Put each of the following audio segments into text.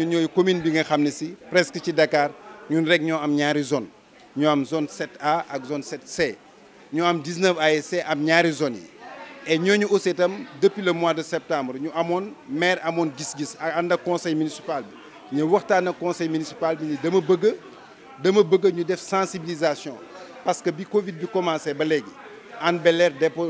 Nous ñooy commune bi nga xam presque à Dakar Nous avons une am Nous zone avons zone 7A ak zone 7C Nous avons 19 ASC et ñaari zones yi et avons aussi depuis le mois de septembre Nous avons maire amoon gis-gis ak conseil municipal Nous avons un conseil municipal bi ni dama nous dama sensibilisation parce que le Covid a commencé en léegi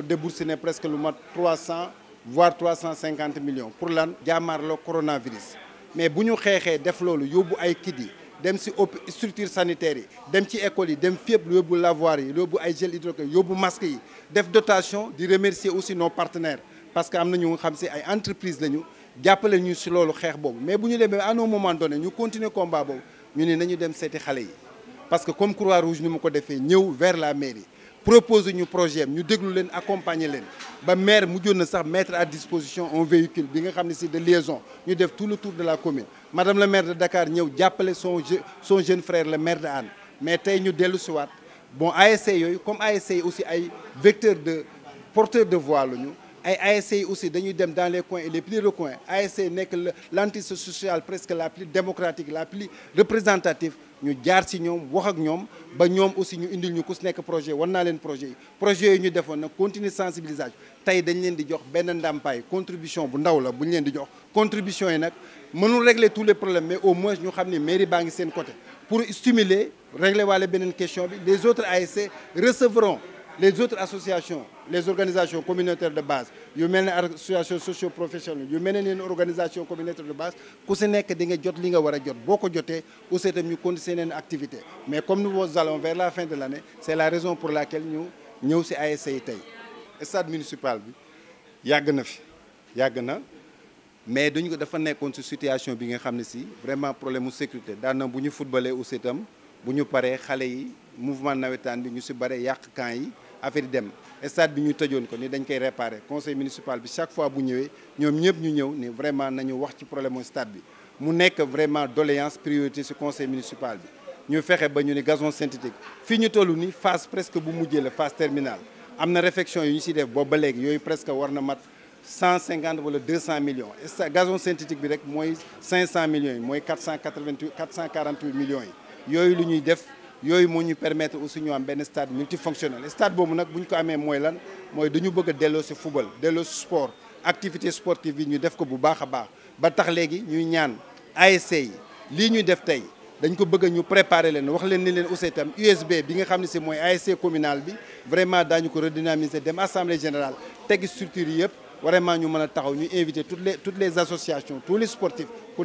déboursé presque 300 voire 350 millions pour lan le coronavirus mais bu ñu xeexee def loolu yóbbu ay kit yi dem si structure sanitaire yi dem ci école yi dem fépp lu yóbbu lavoir yi yóbbu ay gel hydroalcoolique yóbbu masque yi def dotation di remercier aussi nos partenaires parce que am na ñu nga xam si ay entreprise lañu jàppale ñu si loolu xeex boobu mais bu ñu à un moment donné ñu continuer combat boobu ñu ne nañu dem seeti xale yi parce que comme Croix-Rouge ni mu ko defee ñëw vers la mairie proposer ñu projet nous ñu accompagner leen ba maire nous na mettre à disposition un véhicule bi nga xam ne de liaison ñu def tout le tour de la commune madame la maire de Dakar nous appelé son son jeune frère le maire de Anne. mais nous ñu le siwaat bon ASC comme ASC aussi ay vecteur de porteur de voix Nous, ñu ay ASC aussi nous dem dans les coins et les plus recoins ASC n'est que l'antisocial, presque la plus démocratique la plus représentative ñu jaar ci ñoom wax ak ñoom ba ñoom aussi ñu indil ñu ku nekk projet wonna naa leen projet projet yi ñu defoon nag continue sensibilisation tay dañ leen di jox benn ndàmpaay contribution bu ndaw la buñ leen di jox contribution yi nak mënu régler tous les problèmes mais au moins ñu xamni mairie baangi seen côté pour stimuler régler walé benen question bi les autres ASC recevront les autres associations les organisations communautaires de base les associations association socio-professionnelle yu organisation communautaire de base pour que que di nga jot li nga war a jot boo ko activité mais comme nous allons vers la fin de l'année, c'est la raison pour laquelle nous sommes essayé. ASC yi Le stade municipal il y a fi choses. na mais nous ko dafa nekkoon situation bi nga xam ne si vraiment problème de sécurité Nous bu ñu footballé aussi itam bu ñu paree xale yi mouvement nawetaan bi ñu si bare yàq des yi affaire yi dem stade bi ñu tëjoon ko ni dañ koy réparer conseil municipal bi chaque fois bu ñëwé ñom ñëpp ñu ñëw ni vraiment nañu wax ci problème au stade bi mu nekk vraiment doléance priorité ce conseil municipal bi ñu fexé ba ñu ni gazon synthétique fi ñu tollu ni phase presque bu mujjé la phase terminale amna réfection yu ñu ci def bo ba léegi yoy presque war na mat 150 cinquante wala deux cent millions gazon synthétique bi rek moy 500 millions moy mooy 448 millions yoy lu ñuy def nous moo nous permettre aussi ñu un stade multifonctionnel stade nous football de sport activité sportive Nous def ko bu choses. a nous ba tax des préparer USB bi ASC communal vraiment nous redynamiser générale teggi structure vraiment inviter toutes les associations tous les sportifs pour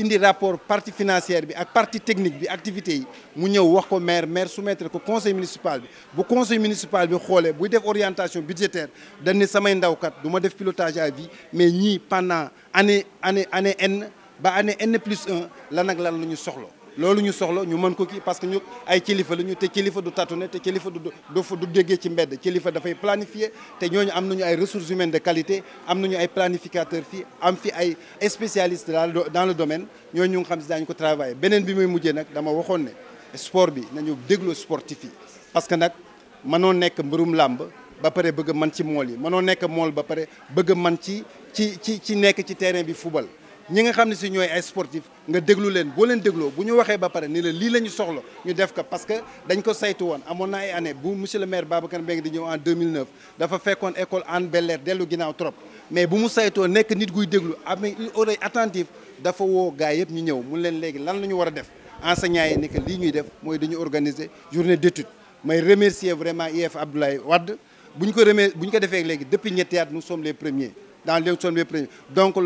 indi rapport partie financière bi ak partie technique bi activité yi mu ñew wax ko maire maire soumettre ko conseil municipal bi bu conseil municipal bi y bu def orientation budgétaire dañ ni samay ndaw kat duma def pilotage à vie mais ñi pendant année année année N ba année N plus 1 lan ak lan la ñu loolu ñu soxlo ñu mën ko ki parce que ñu ay kilifa la ñu te kilifa du tâtonner té kilifa du du déggee ci mbéd kilifa fay planifier te ñoñu am nañu ay ressources humaines de qualité am nañu ay planificateurs fi am fi ay spécialistes dans le domaine ñoñu ñu xam ci dañ ko travailler benen bi muy mujjé nak dama waxoon sport bi nañu déglo sportif yi parce que n'ak, mëno nek mbirum lamb ba paré bëgg man ci mol yi mëno nek mol ba paré bëgg man ci ci ci ci ci terrain bi football ñi nga xam ci ñoy ay sportif nga déglu len bo len dégloo bu ñu ba pare ni la lii la ñu ñu def ko parce que dañ ko saytu won amon na ay année bu monsieur le maire Babacar Mbengue di ñëw en 2009 dafa fekkoon école en bel delu ginaaw trop mais bu mu saytoo nek nit guy déglu am oreille attentive dafa wo gaay yëpp ñu ñëw mu len légui lan lañu wara def enseignant yi nek que ñuy def moy dañu organiser journée d'étude may remercier vraiment IF Abdoulaye Wade buñ ko remé buñ ko défé légui depuis ñetti at nous sommes les premiers dans les premiers. Donc,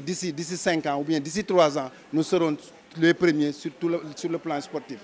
d'ici 5 ans ou bien d'ici 3 ans, nous serons les premiers sur, sur le plan sportif.